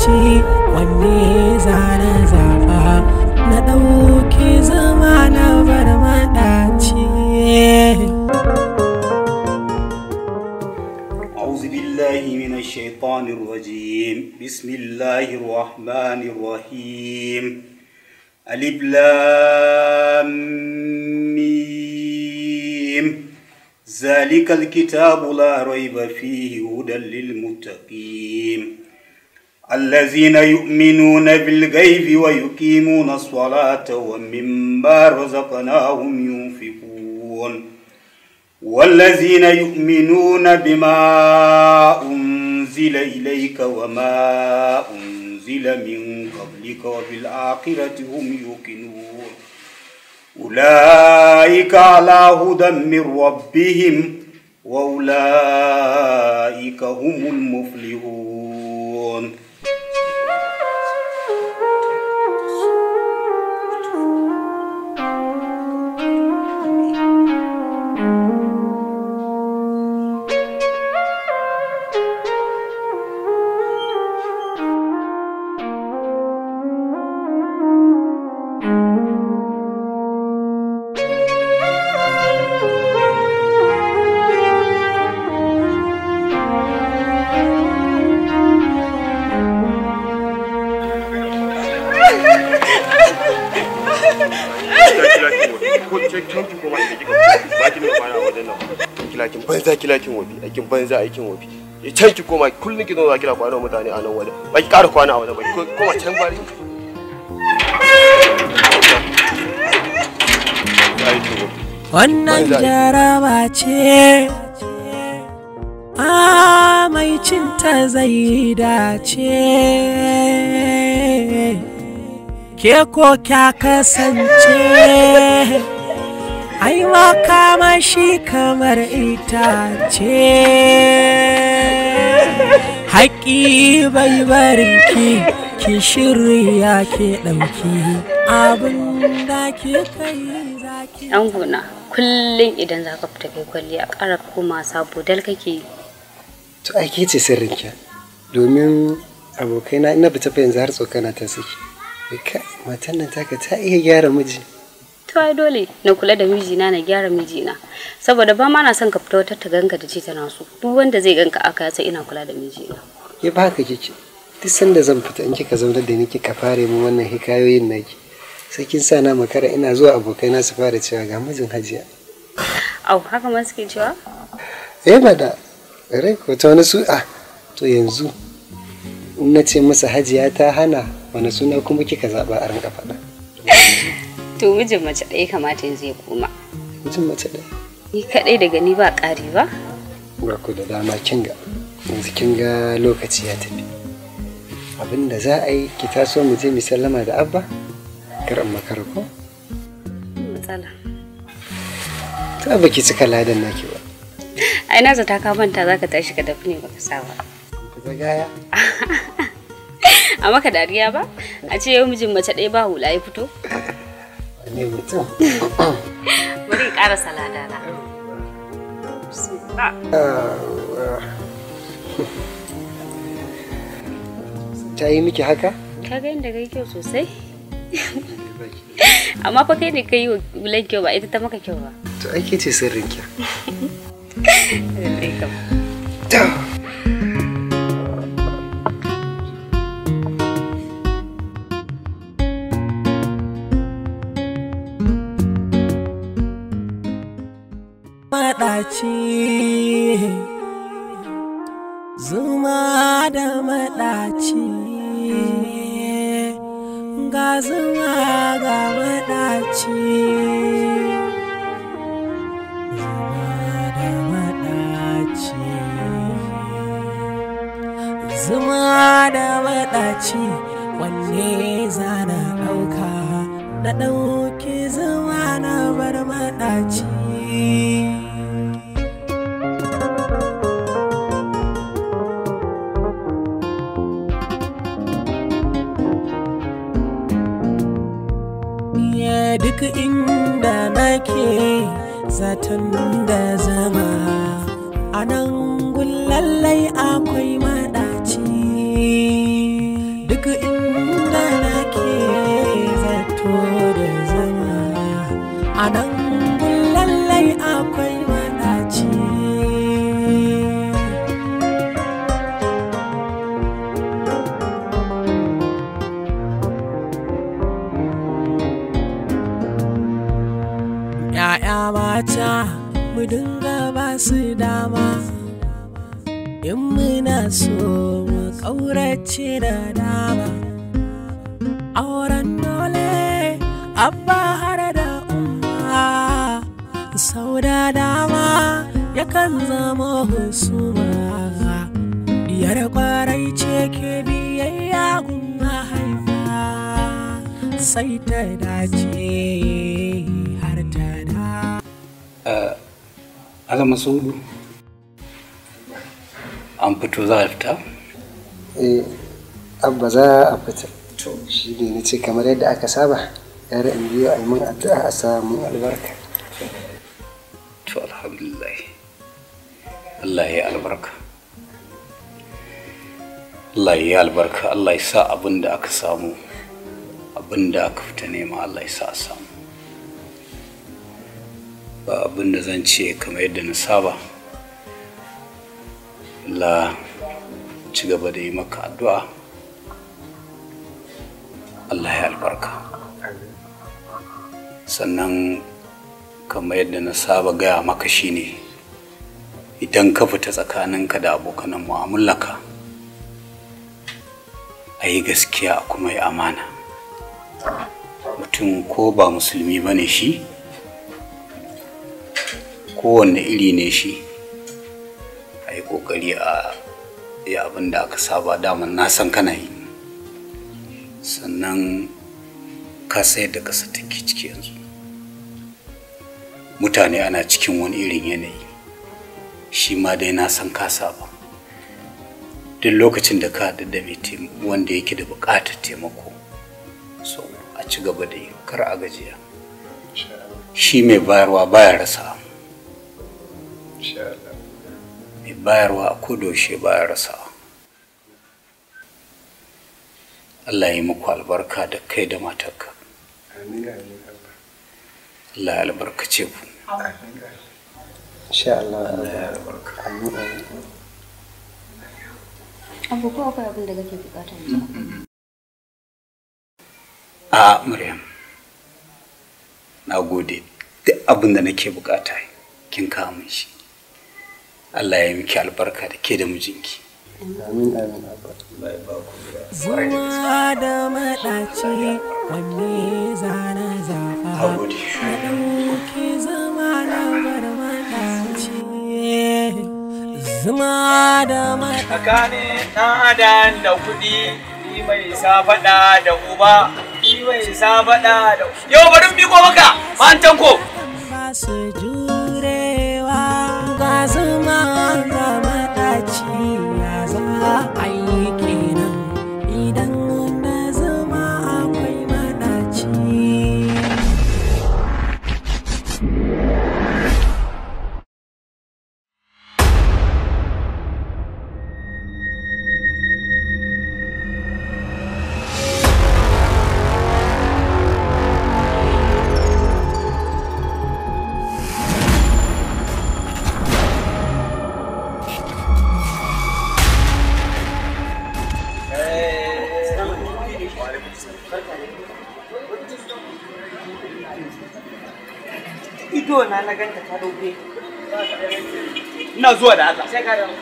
ce wanne zane zafa na ɗauki zama na bar maɗaci أعوذ بالله من الشيطان الرجيم بسم الله الرحمن الرحيم ألف لام ذلك الكتاب لا ريب فيه هدى للمتقين الذين يؤمنون بالغيب ويقيمون الصلاة ومما رزقناهم ينفقون والذين يؤمنون بما أنزل إليك وما أنزل من قبلك وبالآخرة هم يوقنون أولئك على هدى من ربهم وأولئك هم المفلحون banza ya can ki koma kullum ki zo za kwana mutane a nan wajen ba ki kwana a wajen ba ki koma can bari Wannan jaraba ce a mai cinta zai dace. ke ko kya kasance aiwa kama shi kamar itace haƙi bai barin ki ki shirya ke ɗauki abin da ke kai ki ɗan gona kullum idan za ka fita kai kwalli a ƙara koma sabo dal kake to ake ce sirrinki domin abokaina ina fita fa yanzu har tsokana ta saki matan nan taka ta iya gyara miji to ai dole na kula da mijina na gyara mijina saboda ba ma na son ka fita wata ta ganka da ce tana so duk wanda zai ganka aka yasa ina kula da mijina ya ba ka kike duk sanda zan fita in kika zauna da ni kika fare mu wannan hikayoyin naki sai kin sa na makara ina zuwa abokai na su fara cewa ga mijin hajiya au haka ma suke cewa eh bada rai ko ta wani su ah, to yanzu in na ce masa hajiya ta hana wani suna kuma kika zaɓa a ranka faɗa to mijin mace ɗaya kamata yanzu ya koma mijin mace ɗaya ni kaɗai daga ni ba ƙari ba ba ku da dama kin ga yanzu kin ga lokaci ya tafi abin da za a yi ki taso mu je mu sallama da abba kar in makara ko matsala ta ba ki cika ladan naki ba ai na zata ka manta zaka tashi ka tafi ne baka saba ba ku ga gaya a maka dariya ba a ce yau mijin mace ɗaya ba hula ya fito ne mutum bari ƙara salada na ta yi miki haka ka ga inda kai kyau sosai amma fa kai ne kai hulan kyau ba ita ta maka kyau ba to ake ce sirrin kyau zuma ga maɗaci zuma da maɗaci zuma da maɗaci wanne zana ɗauka na ɗauki zuma na bar maɗaci duk inda nake zaton da zama a nan lallai akwai bahar da umma sau da dama yakan zama husuma diyar kwarai ce ke biyayya gun mahaifa sai ta dace har ta da eh, alama saudu an fito za a fita? eh abba za a fita to shi ne na ce kamar yadda aka saba gara in biyo a yi mun addu'a a samu albarka to alhamdulillah Allah ya albarka Allah ya albarka Allah ya sa abin da aka samu abin da aka fita nema Allah ya sa a samu ba abin da zan ce kamar yadda na saba Allah ci gaba da yi maka addu'a Allah ya albarka sannan kamar yadda na saba gaya maka shine idan ka fita tsakaninka da abokanan mu'amulaka a yi gaskiya kuma yi amana mutum ko ba musulmi ba ne shi kowanne iri ne shi a yi ƙoƙari a yi abin da aka saba daman nasan kana yi sannan ka sai da ƙasa take ciki yanzu mutane ana cikin wani irin yanayi shi ma dai na san ka saba duk lokacin da ka hada da wanda yake da buƙatar taimako so a ci gaba da yi kar a gajiya shi mai bayarwa baya rasa mai bayarwa a kodoshe baya rasa Allah yi muku albarka da kai da matarka Allah ya albarkace ku Aa a Maryam na gode duk abin da nake bukata kin kama shi Allah ya miki albarka da ke da mijinki Amin amin Zuwa da maɗaci wanne zana zuma da mai tsakanin ɗan adam da kuɗi ni mai sa faɗa da uba ni mai sa faɗa da yau bari miko maka an tanko ido na na ganta ta dauke ina zuwa da Allah sai ka dawo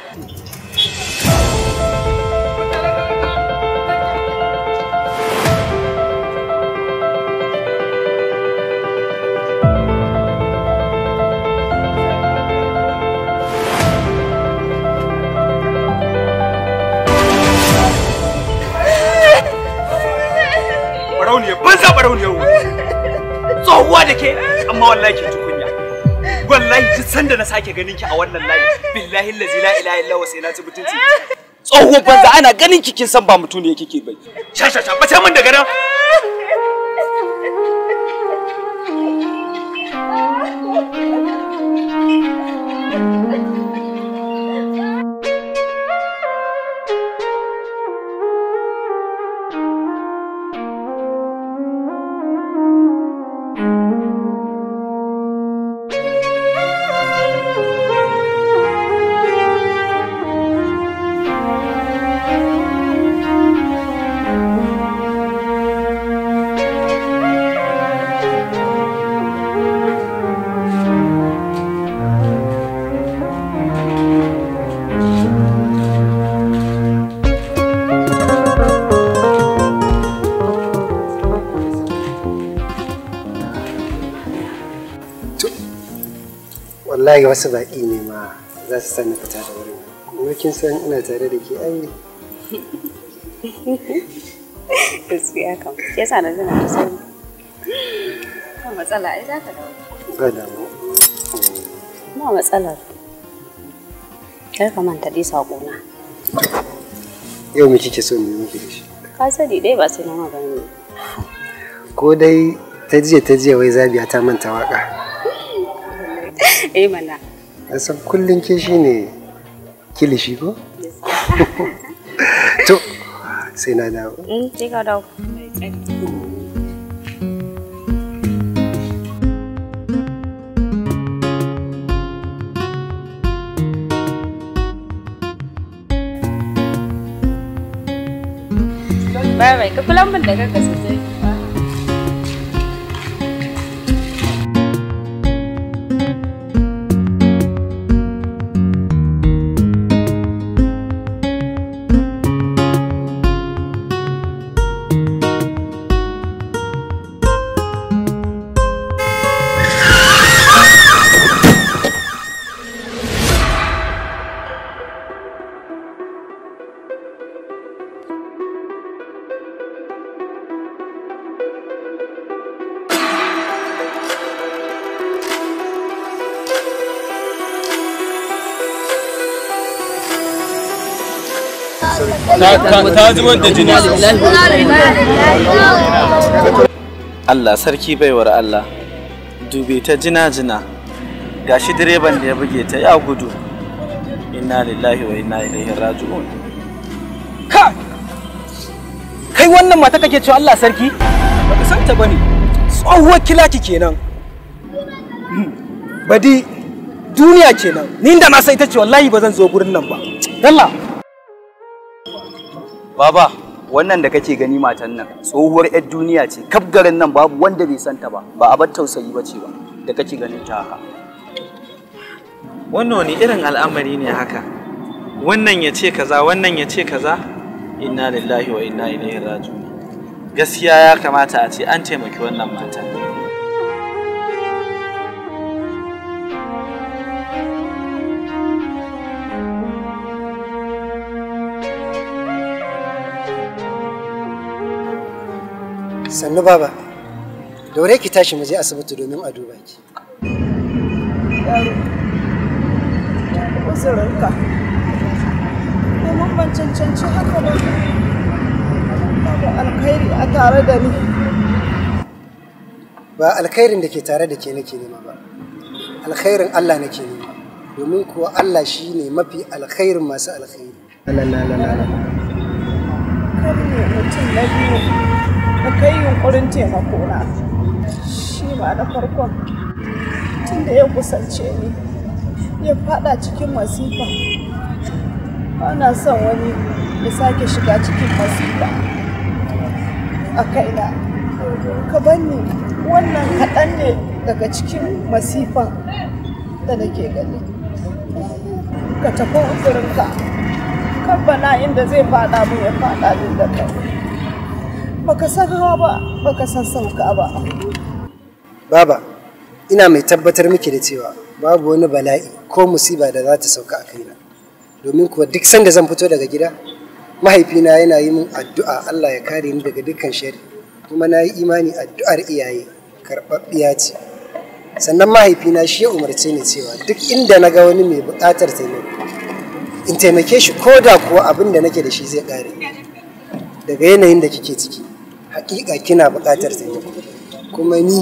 barauniya ban tsohuwa da ke amma wallahi ke tukunya wallahi duk sanda na sake ganin ki a wannan layi billahi lazi la ilaha illa sai na ci mutunci tsohuwar banza ana ganin ki kin san ba mutum ne kike bai sha sha sha ba sai mun daga nan wasu baƙi ne ma za su sani fita da wurin kuma kin san ina tare da ke ai gaskiya kam ke sa na zina da sauri ba matsala ai za ka dawo ba mu ba matsala kai ka manta dai na yau me kike so mu yi shi ka sani dai ba sai na magana ko dai ta jiya ta jiya wai zabiya ta manta waka eh mana san kullun ke ne kilishi ko to sai na dawo mm sai ka dawo Bye bye, ka kula mun da kanka sosai. ta zubar da jini Allah sarki baiwar Allah dube ta jina-jina gashi direban da ya buge ta ya gudu inna lillahi wa inna ilaihi raji'un ka kai wannan mata kake cewa Allah sarki baka san ta bane tsohuwar kilaki kenan hmm. badi duniya kenan ni da na san ita ce wallahi ba zan zo gurin nan ba dalla Baba, wannan da kake gani matan nan tsohuwar 'yar duniya ce, kaf garin nan babu wanda bai santa ba, ba a bar tausayi ba ce ba, da kake ganin ta haka. Wannan wani irin al'amari ne haka, wannan ya ce kaza, wannan ya ce kaza, inna lillahi wa inna ilaihi raji'un. Gaskiya ya kamata a ce an taimaki wannan matan. sannu baba daure ki tashi mu je asibiti domin a duba ki uzurinka ban cancanci haka ba alkhairi a tare da ni ba alkhairin da ke tare da ke nake nema ba alkhairin Allah nake nema domin kuwa Allah shi ne mafi alkhairin masu alkhairi. Kar mutum na biyu da kai yunkurin taimako na shi ma na farkon tun da ya kusance ni ya fada cikin masifa ba na son wani ya sake shiga cikin masifa a kaina ka banni wannan kaɗan ne daga cikin masifan da nake gani ka tafi uzurinka kan bana inda zai fada mu ya fada da kai baka san hawa ba baka san sauka ba baba ina mai tabbatar miki da cewa babu wani bala'i ko musiba da za ta sauka a kaina domin kuwa duk sanda zan fito daga gida mahaifina yana yi min addu'a Allah ya kare ni daga dukkan shari kuma na yi imani addu'ar iyaye karɓaɓɓiya ce sannan mahaifina shi ya umarce ni cewa duk inda na ga wani mai buƙatar taimako in taimake shi ko da kuwa abin da nake da shi zai ƙare daga yanayin da kike ciki hakika kina buƙatar taimako kuma ni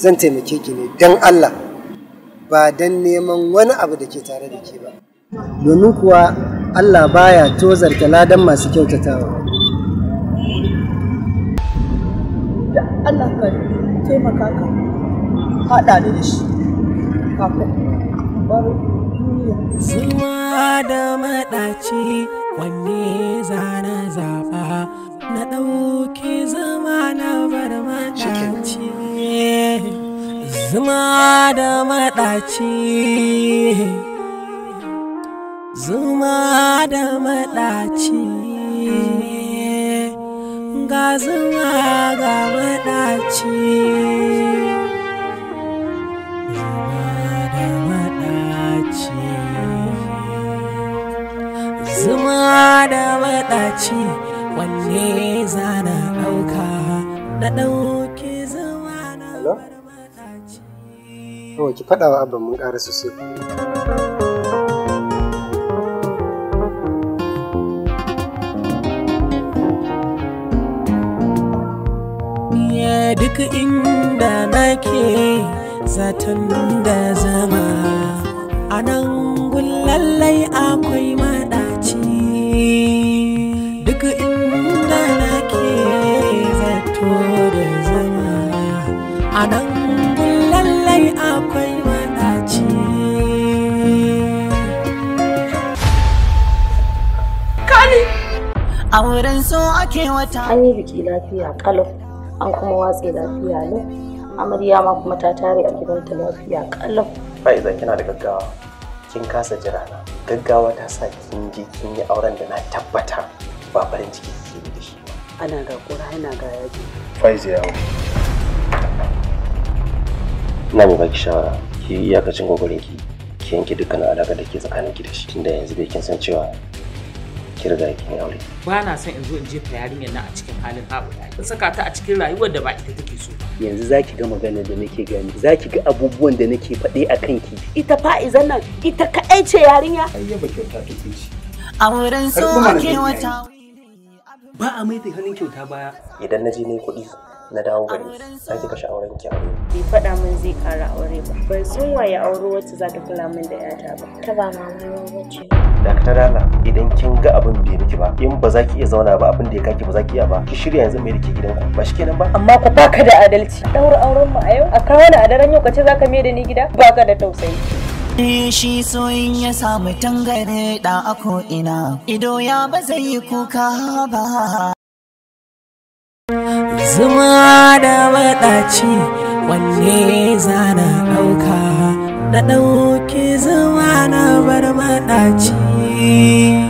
zan taimake ki ne don Allah ba don neman wani abu da ke tare da ke ba domin kuwa Allah baya tozarta ladan masu kyautatawa da Allah ka taimaka ka haɗa da shi kafin bar Zuwa da maɗaci wanne zana zaɓa na ɗauke zuma da maɗaci zuma da maɗaci ga zuma ga maɗaci zuma da maɗaci zuma da maɗaci wanne za na ɗauka da ɗauki zuma na maɗaci Kawai ki faɗa wa abin mun ƙara sosai. duk inda nake zaton da zama a nan lallai akwai maɗaci duk a wurin su ake wata an yi biki lafiya kalau an kuma watse lafiya ne amarya ma kuma ta tare a gidanta lafiya kalau fa'iza kina da gaggawa kin kasa jira na gaggawa ta sa kin je kin yi auren da na tabbata ba farin ciki da shi ana ga kura ana ga yaji faiza yawo ina mai baki shawara ki iyakacin gwagwarin ki yanke dukkan alaƙa da ke tsakanin ki da shi tunda yanzu bai kin san cewa ki riga kin aure ba na son in zo in jefa yarinyar nan a cikin halin haɓu in saka ta a cikin rayuwar da ba ita take so yanzu za ki ga magana da nake gani ki ga abubuwan da nake faɗe a kanki ita fa'izan nan ita kaɗai ce yarinya ayyaba kyauta ta ci a wurin so ke wata ba a mai da hannun kyauta baya idan na je ne kuɗi na dawo gari za ki kashe auren ki aure. Bai faɗa min zai ƙara aure ba. Ban san waye auro wacce za ta kula min da 'yata ba. Ta ba mama wacce. dakatar Allah idan kin ga abin bai miki ba in ba za ki iya zauna ba abin da ya kaki ba za ki iya ba ki shirya yanzu mai rike gidanku ba shi kenan ba amma ku baka da adalci ɗaura auren mu a yau a kawo da adaran yau kace zaka mai da ni gida baka da tausayi shi soyin ya samu tangare da a ina ido ya ba zai yi kuka ba zuma da maɗaci wanne zana ɗauka na ɗauki zuma na bar maɗaci You.